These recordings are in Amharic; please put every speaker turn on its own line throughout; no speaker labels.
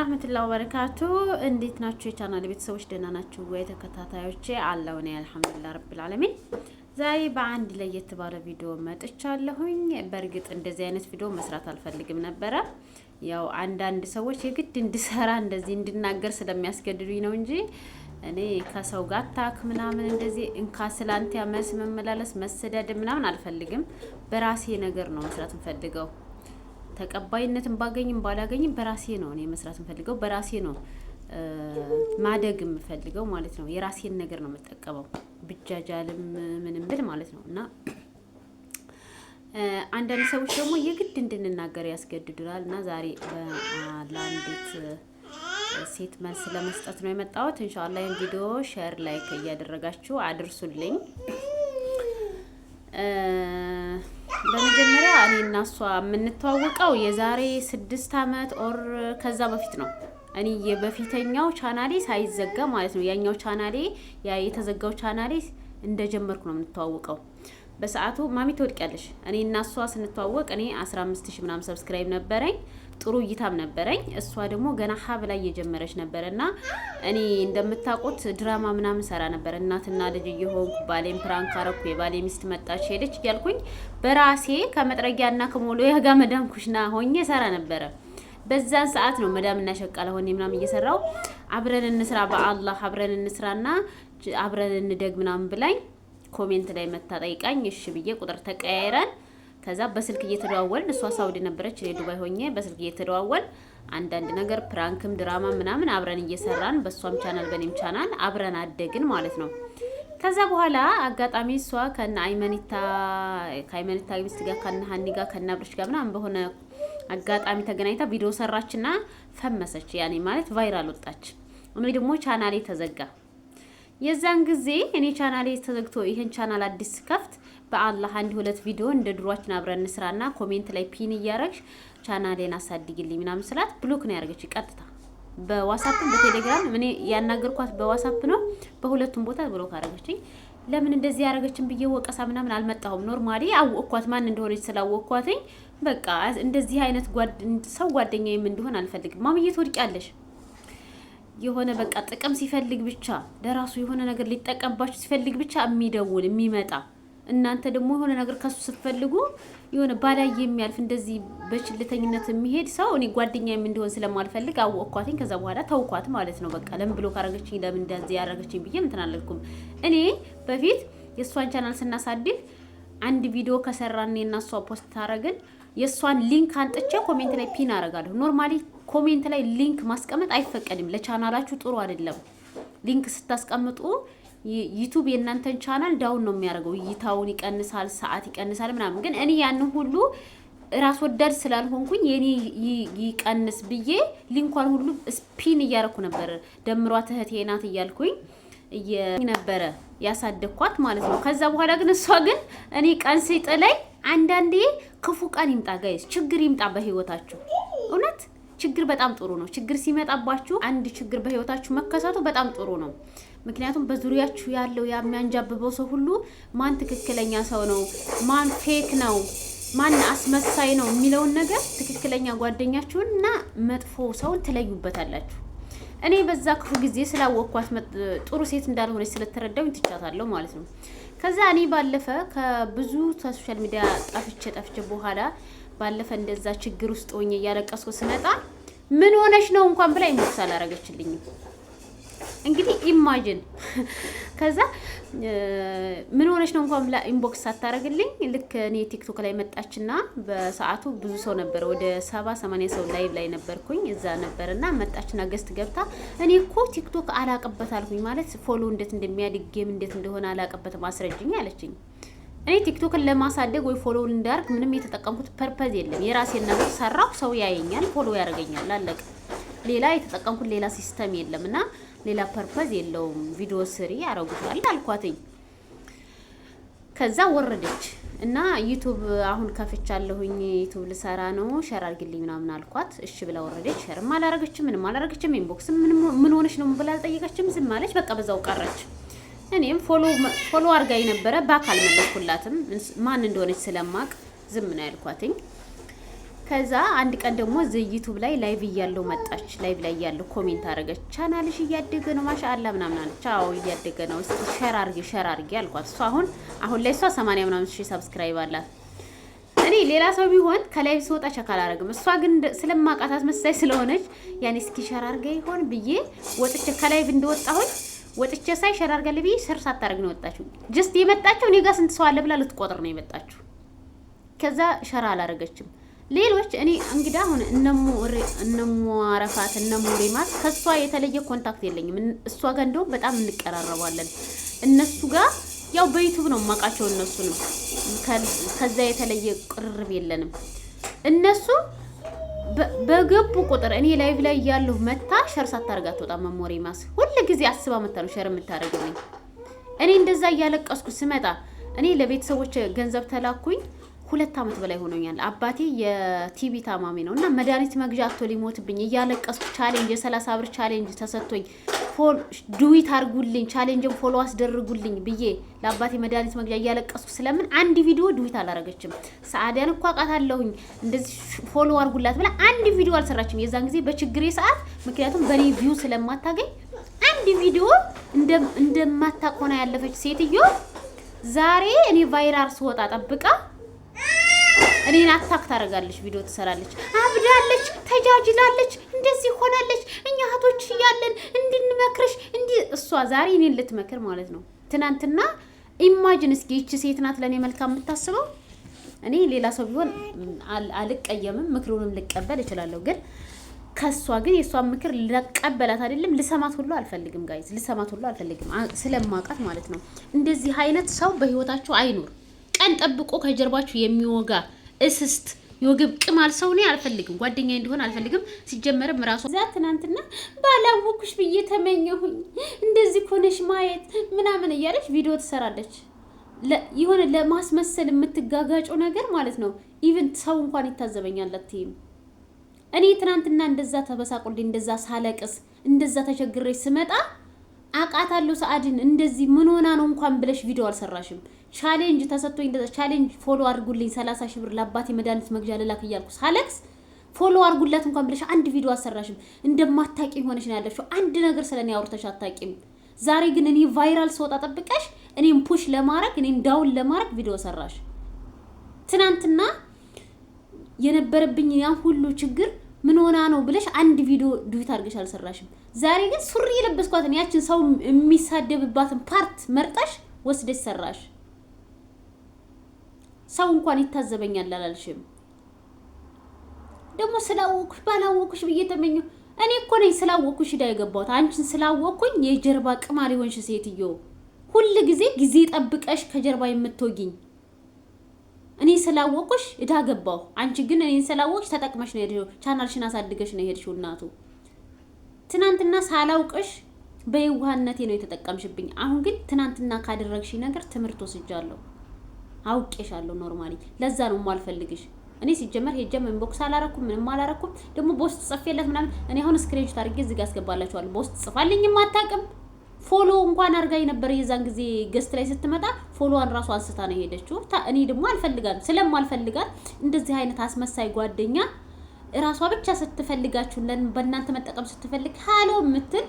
ወራህመቱላሂ ወበረካቱ እንዴት ናችሁ? የቻናል ቤተሰቦች ደህና ናችሁ ወይ? ተከታታዮቼ አለው ነው አልሐምዱሊላህ ረብል ዓለሚን። ዛሬ በአንድ ላይ የተባለ ቪዲዮ መጥቻለሁኝ። በእርግጥ እንደዚህ አይነት ቪዲዮ መስራት አልፈልግም ነበረ። ያው አንዳንድ ሰዎች የግድ እንድሰራ እንደዚህ እንድናገር ስለሚያስገድዱኝ ነው እንጂ እኔ ከሰው ጋር ታክ ምናምን እንደዚህ እንካ ስላንቲያ መስ መመላለስ መሰዳደብ ምናምን አልፈልግም። በራሴ ነገር ነው መስራት እንፈልገው ተቀባይነትን ባገኝም ባላገኝም በራሴ ነው እኔ መስራት የምፈልገው፣ በራሴ ነው ማደግ የምፈልገው ማለት ነው። የራሴን ነገር ነው የምጠቀመው ብጃጃልም ምንም ብል ማለት ነው። እና አንዳንድ ሰዎች ደግሞ የግድ እንድንናገር ያስገድዱናል። እና ዛሬ ለአንዲት ሴት መልስ ለመስጠት ነው የመጣሁት። እንሻላ ይህን ቪዲዮ ሼር፣ ላይክ እያደረጋችሁ አድርሱልኝ። በመጀመሪያ እኔ እና እሷ የምንተዋወቀው የዛሬ ስድስት ዓመት ኦር ከዛ በፊት ነው። እኔ የበፊተኛው ቻናሌ ሳይዘጋ ማለት ነው። ያኛው ቻናሌ የተዘጋው ቻናሌ እንደጀመርኩ ነው የምንተዋወቀው። በሰዓቱ ማሚ ያለሽ እኔ እና እሷ ስንተዋወቅ እኔ 15 ሺህ ምናምን ሰብስክራይብ ነበረኝ። ጥሩ እይታም ነበረኝ። እሷ ደግሞ ገና ሀብ ላይ እየጀመረች ነበረ እና እኔ እንደምታውቁት ድራማ ምናምን ሰራ ነበር። እናትና ልጅ እየሆንኩ ባሌም ፕራንክ አረኩ፣ የባሌ ሚስት መጣች ሄደች እያልኩኝ በራሴ ከመጥረጊያና ከሞሎ ያጋ መዳም ኩሽና ሆኜ ሰራ ነበረ። በዛን ሰዓት ነው መዳም እናሸቃለ ሆኔ ሆኜ ምናምን እየሰራው አብረን እንስራ በአላህ አብረን እንስራና አብረን እንደግ ምናምን ብላኝ ኮሜንት ላይ መታጠይቃኝ እሺ ብዬ ቁጥር ተቀያይረን ከዛ በስልክ እየተደዋወል እሷ ሳውዲ ነበረች፣ እኔ ዱባይ ሆኜ በስልክ እየተደዋወል አንዳንድ ነገር ፕራንክም ድራማ ምናምን አብረን እየሰራን በእሷም ቻናል በእኔም ቻናል አብረን አደግን ማለት ነው። ከዛ በኋላ አጋጣሚ እሷ ከነ አይመኒታ ከአይመኒታ ሚስት ጋር ከነ ሀኒ ጋር ከነ አብረች ጋር ምናምን በሆነ አጋጣሚ ተገናኝታ ቪዲዮ ሰራችና ፈመሰች። ያኔ ማለት ቫይራል ወጣች። እኔ ደግሞ ቻናሌ ተዘጋ። የዛን ጊዜ እኔ ቻናሌ ተዘግቶ ይህን ቻናል አዲስ ከፍት በአላህ አንድ ሁለት ቪዲዮ እንደ ድሯችን አብረን እንስራና ኮሜንት ላይ ፒን እያረግሽ ቻናሌን አሳድግልኝ ምናምን ስላት ብሎክ ነው ያደረገች። ቀጥታ በዋሳፕ በቴሌግራም እኔ ያናገርኳት በዋሳፕ ነው። በሁለቱም ቦታ ብሎክ አደረገችኝ። ለምን እንደዚህ ያደረገችን ብዬ ወቀሳ ምናምን አልመጣሁም። ኖርማሊ አወቅኳት፣ ማን እንደሆነች ስላወቅኳትኝ በቃ እንደዚህ አይነት ሰው ጓደኛዬም እንደሆን አልፈልግም። ማምዬ ትወድቂያለሽ የሆነ በቃ ጥቅም ሲፈልግ ብቻ ለራሱ የሆነ ነገር ሊጠቀምባችሁ ሲፈልግ ብቻ የሚደውል የሚመጣ እናንተ ደግሞ የሆነ ነገር ከሱ ስትፈልጉ የሆነ ባላይ የሚያልፍ እንደዚህ በችልተኝነት የሚሄድ ሰው እኔ ጓደኛዬም እንዲሆን ስለማልፈልግ አወቅኳትኝ። ከዛ በኋላ ተውኳት ማለት ነው። በቃ ለምን ብሎ ካረገችኝ ለምን እንደዚህ ያረገችኝ ብዬ እንትን አላልኩም። እኔ በፊት የእሷን ቻናል ስናሳድግ አንድ ቪዲዮ ከሰራን እና እሷ ፖስት ታረግን የእሷን ሊንክ አንጥቼ ኮሜንት ላይ ፒን አረጋለሁ። ኖርማሊ ኮሜንት ላይ ሊንክ ማስቀመጥ አይፈቀድም፣ ለቻናላችሁ ጥሩ አይደለም። ሊንክ ስታስቀምጡ ዩቱብ የእናንተን ቻናል ዳውን ነው የሚያደርገው። እይታውን ይቀንሳል፣ ሰዓት ይቀንሳል ምናምን። ግን እኔ ያንን ሁሉ ራስ ወዳድ ስላልሆንኩኝ የኔ ይቀንስ ብዬ ሊንኳን ሁሉ ስፒን እያደርኩ ነበር። ደምሯ እህቴ ናት እያልኩኝ ነበረ ያሳደግኳት ማለት ነው። ከዛ በኋላ ግን እሷ ግን እኔ ቀን ሲጥለኝ አንዳንዴ ክፉ ቀን ይምጣ ጋይስ፣ ችግር ይምጣ በህይወታችሁ እውነት ችግር በጣም ጥሩ ነው። ችግር ሲመጣባችሁ አንድ ችግር በህይወታችሁ መከሰቱ በጣም ጥሩ ነው። ምክንያቱም በዙሪያችሁ ያለው የሚያንጃብበው ሰው ሁሉ ማን ትክክለኛ ሰው ነው፣ ማን ፌክ ነው፣ ማን አስመሳይ ነው የሚለውን ነገር ትክክለኛ ጓደኛችሁን እና መጥፎ ሰውን ትለዩበታላችሁ። እኔ በዛ ክፉ ጊዜ ስላወቅኳት ጥሩ ሴት እንዳልሆነች ስለተረዳሁኝ ትቻታለሁ ማለት ነው። ከዛ እኔ ባለፈ ከብዙ ከሶሻል ሚዲያ ጠፍቼ ጠፍቼ በኋላ ባለፈ እንደዛ ችግር ውስጥ ሆኜ እያለቀስኩ ስመጣ ምን ሆነሽ ነው እንኳን ብላ ኢሞክስ አላረገችልኝም። እንግዲህ ኢማጅን ከዛ ምን ሆነች ነው እንኳን ኢንቦክስ ሳታደርግልኝ ልክ እኔ ቲክቶክ ላይ መጣችና በሰዓቱ ብዙ ሰው ነበረ፣ ወደ ሰባ ሰማንያ ሰው ላይቭ ላይ ነበርኩኝ እዛ ነበርና መጣችና ገስት ገብታ እኔ እኮ ቲክቶክ አላቅበት አልኩኝ። ማለት ፎሎ እንዴት እንደሚያድግ ጌም እንዴት እንደሆነ አላቅበት ማስረጅኝ አለችኝ። እኔ ቲክቶክን ለማሳደግ ወይ ፎሎ እንዳርግ ምንም የተጠቀምኩት ፐርፐዝ የለም። የራሴን ነገር ሰራሁ፣ ሰው ያየኛል፣ ፎሎ ያደርገኛል፣ አለቀ። ሌላ የተጠቀምኩት ሌላ ሲስተም የለም እና ሌላ ፐርፐዝ የለውም። ቪዲዮ ስሪ ያረጉታል አልኳትኝ። ከዛ ወረደች እና ዩቱብ አሁን ከፍቻለሁኝ ዩቱብ ልሰራ ነው ሸር አድርግልኝ ምናምን አልኳት። እሺ ብላ ወረደች። ሸርም አላረገችም፣ ምንም አላረገችም። ኢንቦክስም ምን ሆነች ነው ብላ አልጠየቀችም። ዝም አለች። በቃ በዛው ቀረች። እኔም ፎሎ አድርጋ የነበረ በአካል መለኩላትም ማን እንደሆነች ስለማቅ ዝም ነው ያልኳትኝ። ከዛ አንድ ቀን ደግሞ እዚህ ዩቱብ ላይ ላይቭ እያለው መጣች። ላይቭ ላይ እያለው ኮሜንት አደረገች። ቻናልሽ እያደገ ነው ማሻአላ ምናምን አለች። አዎ እያደገ ነው፣ እስኪ ሸር አርጊ ሸር አርጊ አልኳት። እሷ አሁን አሁን ላይ እሷ 80 ምናምን ሺህ ሰብስክራይብ አላት። እኔ ሌላ ሰው ቢሆን ከላይቭ ስወጣ ቸክ አላደርግም። እሷ ግን ስለማውቃት አስመሳይ ስለሆነች ያኔ እስኪ ሸር አርገ ይሆን ብዬ ወጥቼ ከላይቭ እንደወጣሁኝ ወጥቼ ሳይ ሸር አርጋለሁ ብዬ ሸር ሳታደርግ ነው የወጣችው። ጀስት የመጣችው እኔ ጋር ስንት ሰው አለ ብላ ልትቆጥር ነው የመጣችው። ከዛ ሸር አላረገችም። ሌሎች እኔ እንግዳ አሁን እነሞ አረፋት እነሞ ሬማት ከእሷ የተለየ ኮንታክት የለኝም። እሷ ጋር እንደውም በጣም እንቀራረባለን። እነሱ ጋር ያው በዩቱብ ነው የማውቃቸው። እነሱንም ከዛ የተለየ ቅርርብ የለንም። እነሱ በገቡ ቁጥር እኔ ላይቭ ላይ እያለሁ መታ ሸር ሳታደርጋት ወጣ መሞሪ ማስ ሁል ጊዜ አስባ መታ ነው ሸር የምታደርግልኝ። እኔ እንደዛ እያለቀስኩ ስመጣ እኔ ለቤተሰቦች ገንዘብ ተላኩኝ ሁለት ዓመት በላይ ሆኖኛል። አባቴ የቲቪ ታማሚ ነው እና መድኃኒት መግዣ አቶ ሊሞትብኝ እያለቀስኩ ቻሌንጅ የሰላሳ ብር ቻሌንጅ ተሰጥቶኝ ዱዊት አርጉልኝ ቻሌንጅን ፎሎ አስደርጉልኝ ብዬ ለአባቴ መድኃኒት መግዣ እያለቀስኩ ስለምን አንድ ቪዲዮ ዱዊት አላረገችም። ሰአዲያን እኮ አውቃታለሁኝ እንደዚህ ፎሎ አርጉላት ብላ አንድ ቪዲዮ አልሰራችም። የዛን ጊዜ በችግሬ ሰዓት ምክንያቱም በእኔ ቪው ስለማታገኝ አንድ ቪዲዮ እንደማታቆና ያለፈች ሴትዮ ዛሬ እኔ ቫይራል ስወጣ ጠብቃ እኔን አታክ ታደርጋለች፣ ቪዲዮ ትሰራለች፣ አብዳለች፣ ተጃጅላለች፣ እንደዚህ ሆናለች፣ እኛ እህቶች እያለን እንድንመክርሽ እንዲ እሷ ዛሬ እኔን ልትመክር ማለት ነው። ትናንትና ኢማጅን እስኪ ይቺ ሴት ናት ለእኔ መልካም የምታስበው። እኔ ሌላ ሰው ቢሆን አልቀየምም፣ ምክሩንም ልቀበል እችላለሁ። ግን ከእሷ ግን የእሷን ምክር ልቀበላት አይደለም ልሰማት ሁሉ አልፈልግም። ጋይዝ ልሰማት ሁሉ አልፈልግም፣ ስለማውቃት ማለት ነው። እንደዚህ አይነት ሰው በህይወታችሁ አይኑር። ቀን ጠብቆ ከጀርባችሁ የሚወጋ እስስት የወገብ ቅማል ሰው እኔ አልፈልግም፣ ጓደኛ እንዲሆን አልፈልግም። ሲጀመርም ራሱ እዛ ትናንትና ባላወኩሽ ብዬ ተመኘሁኝ እንደዚህ ከሆነሽ ማየት ምናምን እያለች ቪዲዮ ትሰራለች። የሆነ ለማስመሰል የምትጋጋጨው ነገር ማለት ነው። ኢቨን ሰው እንኳን ይታዘበኛል አትይም። እኔ ትናንትና እንደዛ ተበሳቆልኝ እንደዛ ሳለቅስ እንደዛ ተቸግሬ ስመጣ አቃታለሁ ሰአድን እንደዚህ ምን ሆና ነው እንኳን ብለሽ ቪዲዮ አልሰራሽም። ቻሌንጅ ተሰጥቶኝ እንደዛ ቻሌንጅ ፎሎ አድርጉልኝ ሰላሳ ሺህ ብር ለአባቴ መድኃኒት መግዣ ልላክ እያልኩ ሳለክስ ፎሎ አድርጉላት እንኳን ብለሽ አንድ ቪዲዮ አልሰራሽም። እንደማታቂም ሆነሽ ነው ያለሽው። አንድ ነገር ስለኔ አውርተሽ አታቂም። ዛሬ ግን እኔ ቫይራል ስወጣ ጠብቀሽ እኔም ፑሽ ለማድረግ እኔም ዳውን ለማድረግ ቪዲዮ ሰራሽ። ትናንትና የነበረብኝ ያን ሁሉ ችግር ምን ሆና ነው ብለሽ አንድ ቪዲዮ ዱዊት አድርገሽ አልሰራሽም። ዛሬ ግን ሱሪ የለበስኳትን ያችን ሰው የሚሳደብባትን ፓርት መርጠሽ ወስደሽ ሰራሽ። ሰው እንኳን ይታዘበኛል አላልሽም። ደግሞ ስላወኩሽ ባላወኩሽ ብዬ ተመኘሁ። እኔ እኮ ነኝ ስላወኩሽ ሂዳ የገባሁት። አንቺን ስላወቅኩኝ የጀርባ ቅማል የሆንሽ ሴትዮ፣ ሁል ጊዜ ጊዜ ጠብቀሽ ከጀርባ የምትወጊኝ እኔ ስላወቅሽ እዳ ገባሁ። አንቺ ግን እኔን ስላወቅሽ ተጠቅመሽ ነው ሄድሽው። ቻናልሽን አሳድገሽ ነው ሄድሽው እናቱ ትናንትና ሳላውቅሽ በየዋህነቴ ነው የተጠቀምሽብኝ። አሁን ግን ትናንትና ካደረግሽ ነገር ትምህርት ወስጃለሁ፣ አውቄሻለሁ። ኖርማሊ ለዛ ነው የማልፈልግሽ። እኔ ሲጀመር ሄጀም ኢንቦክስ አላረኩም፣ ምንም አላረኩም። ደግሞ በውስጥ ጽፌለት ምናምን እኔ አሁን ስክሪንሾት አድርጌ እዚህ ጋር አስገባላችኋለሁ። በውስጥ ጽፋልኝም አታውቅም። ፎሎ እንኳን አድርጋኝ የነበረ የዛን ጊዜ ገስት ላይ ስትመጣ ፎሎዋን ራሱ አንስታ ነው የሄደችው። እኔ ደግሞ አልፈልጋል ስለማልፈልጋል እንደዚህ አይነት አስመሳይ ጓደኛ እራሷ ብቻ ስትፈልጋችሁ በእናንተ መጠቀም ስትፈልግ ሀሎ የምትል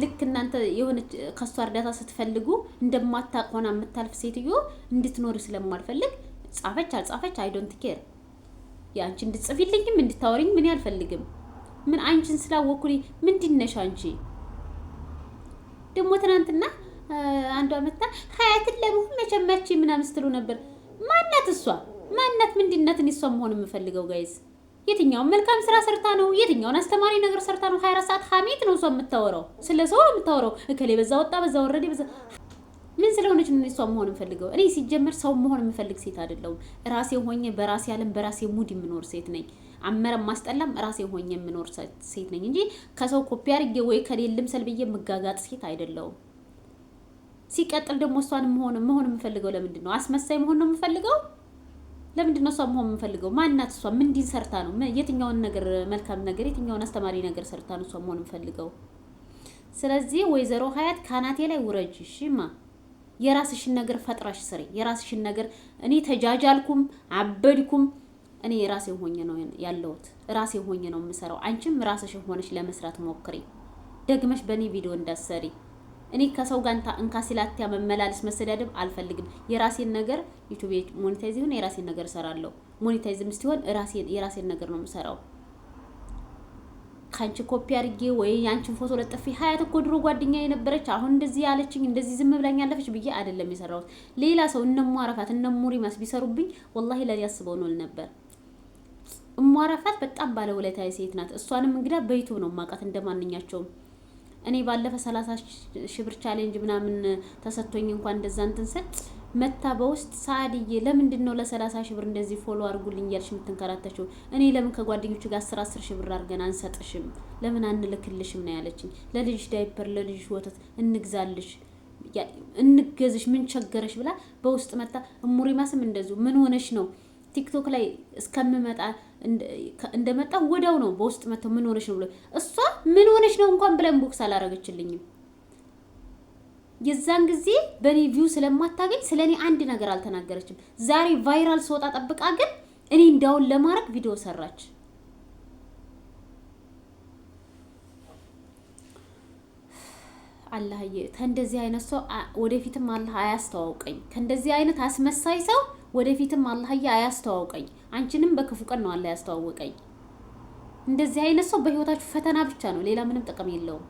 ልክ እናንተ የሆነች ከሷ እርዳታ ስትፈልጉ እንደማታቆና የምታልፍ ሴትዮ እንድትኖሪ ስለማልፈልግ ጻፈች አልጻፈች አይ ዶንት ኬር የአንቺ እንድትጽፊልኝም እንድታወሪኝ ምን አልፈልግም። ምን አንቺን ስላወኩኝ ምንድን ነሽ አንቺ? ደግሞ ትናንትና አንዷ መታ ሀያትን ለመሆን መቸመቼ ምናምን ስትሉ ነበር። ማናት እሷ? ማናት? ምንድን ናት? እሷ መሆን የምፈልገው ጋይዝ የትኛውን መልካም ስራ ሰርታ ነው? የትኛውን አስተማሪ ነገር ሰርታ ነው? 24 ሰዓት ሀሜት ነው እሷ የምታወራው፣ ስለ ሰው ነው የምታወራው። እከሌ በዛ ወጣ፣ በዛ ወረደ፣ በዛ ምን ስለሆነች ነው እሷ መሆን የምፈልገው? እኔ ሲጀመር ሰው መሆን የምፈልግ ሴት አይደለሁም። ራሴ ሆኜ በራሴ ዓለም በራሴ ሙድ የምኖር ሴት ነኝ። አመረም ማስጠላም ራሴ ሆኜ የምኖር ሴት ነኝ እንጂ ከሰው ኮፒ አድርጌ ወይ ልምሰል ሰልብዬ የምጋጋጥ ሴት አይደለሁም። ሲቀጥል ደግሞ እሷን መሆን መሆን የምፈልገው ለምንድን ነው? አስመሳይ መሆን ነው የምፈልገው? ለምንድን ነው እሷ መሆን የምንፈልገው? ማናት እሷ? ምንድን ሰርታ ነው? የትኛውን ነገር መልካም ነገር፣ የትኛውን አስተማሪ ነገር ሰርታ ነው እሷ መሆን የምፈልገው? ስለዚህ ወይዘሮ ሀያት ካናቴ ላይ ውረጅ። እሺማ የራስሽን ነገር ፈጥራሽ ስሪ። የራስሽን ነገር እኔ ተጃጃልኩም አበድኩም እኔ ራሴ ሆኜ ነው ያለሁት። ራሴ ሆኜ ነው የምሰራው። አንቺም ራስሽ ሆነሽ ለመስራት ሞክሪ። ደግመሽ በእኔ ቪዲዮ እንዳትሰሪ። እኔ ከሰው ጋር እንካ ሲላትያ መመላለስ መሰዳደብ አልፈልግም። የራሴን ነገር ዩቱብ ሞኔታይዝ ይሁን የራሴን ነገር እሰራለሁ። ሞኔታይዝም ሲሆን የራሴን ነገር ነው የምሰራው። ከአንቺ ኮፒ አድርጌ ወይ ያንቺን ፎቶ ለጥፌ ሀያት እኮ ድሮ ጓደኛ የነበረች አሁን እንደዚህ ያለችኝ እንደዚህ ዝም ብላኝ ያለፈች ብዬ አይደለም የሰራሁት። ሌላ ሰው እነሙ አረፋት እነሙ ሪማስ ቢሰሩብኝ ወላሂ ለኔ ያስበው ነው ነበር። እሟረፋት በጣም ባለውለታዊ ሴት ናት። እሷንም እንግዳ በዩቲዩብ ነው ማውቃት እንደማንኛቸውም እኔ ባለፈ ሰላሳ ሺህ ብር ቻሌንጅ ምናምን ተሰጥቶኝ እንኳን እንደዛ እንትን ስል መታ በውስጥ ሰአድዬ ለምንድን ነው ለሰላሳ ሺህ ብር እንደዚህ ፎሎ አድርጉልኝ እያልሽ የምትንከራተችው? እኔ ለምን ከጓደኞቹ ጋር አስር አስር ሺህ ብር አድርገን አንሰጥሽም? ለምን አንልክልሽም ነው ያለችኝ። ለልጅሽ ዳይፐር፣ ለልጅሽ ወተት እንግዛልሽ እንገዝሽ ምን ቸገረሽ ብላ በውስጥ መታ እሙሪማስም እንደዚሁ ምን ሆነሽ ነው ቲክቶክ ላይ እስከምመጣ እንደመጣ ወዲያው ነው በውስጥ መጥተው ምን ሆነች ነው ብሎ እሷ ምን ሆነች ነው እንኳን ብለን ቦክስ አላረገችልኝም። የዛን ጊዜ በእኔ ቪው ስለማታገኝ ስለ እኔ አንድ ነገር አልተናገረችም። ዛሬ ቫይራል ስወጣ ጠብቃ ግን እኔ እንዳውን ለማድረግ ቪዲዮ ሰራች። አላህዬ ከእንደዚህ አይነት ሰው ወደፊትም አላህ አያስተዋውቀኝ። ከእንደዚህ አይነት አስመሳይ ሰው ወደፊትም አላህዬ አያስተዋውቀኝ። አንቺንም በክፉ ቀን ነው አላህ ያስተዋወቀኝ። እንደዚህ አይነት ሰው በህይወታችሁ ፈተና ብቻ ነው፣ ሌላ ምንም ጥቅም የለውም።